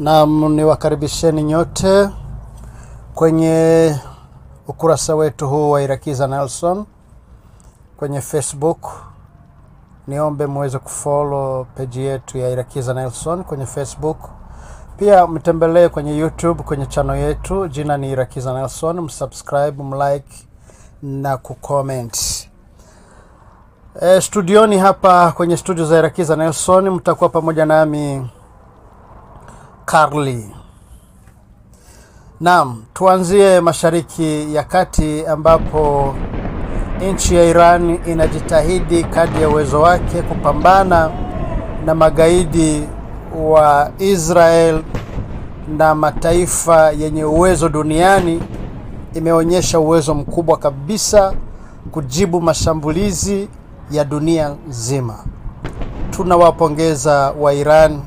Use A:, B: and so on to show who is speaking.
A: na niwakaribisheni nyote kwenye ukurasa wetu huu wa Irakiza Nelson kwenye Facebook. Niombe muweze kufollow page yetu ya Irakiza Nelson kwenye Facebook. Pia mtembelee kwenye YouTube kwenye chano yetu, jina ni Irakiza Nelson. Msubscribe, mlike na kucomment. E, studioni hapa kwenye studio za Irakiza Nelson mtakuwa pamoja nami na Karli. Naam, tuanzie Mashariki ya Kati ambapo nchi ya Iran inajitahidi kadri ya uwezo wake kupambana na magaidi wa Israel na mataifa yenye uwezo duniani. Imeonyesha uwezo mkubwa kabisa kujibu mashambulizi ya dunia nzima. Tunawapongeza wa Iran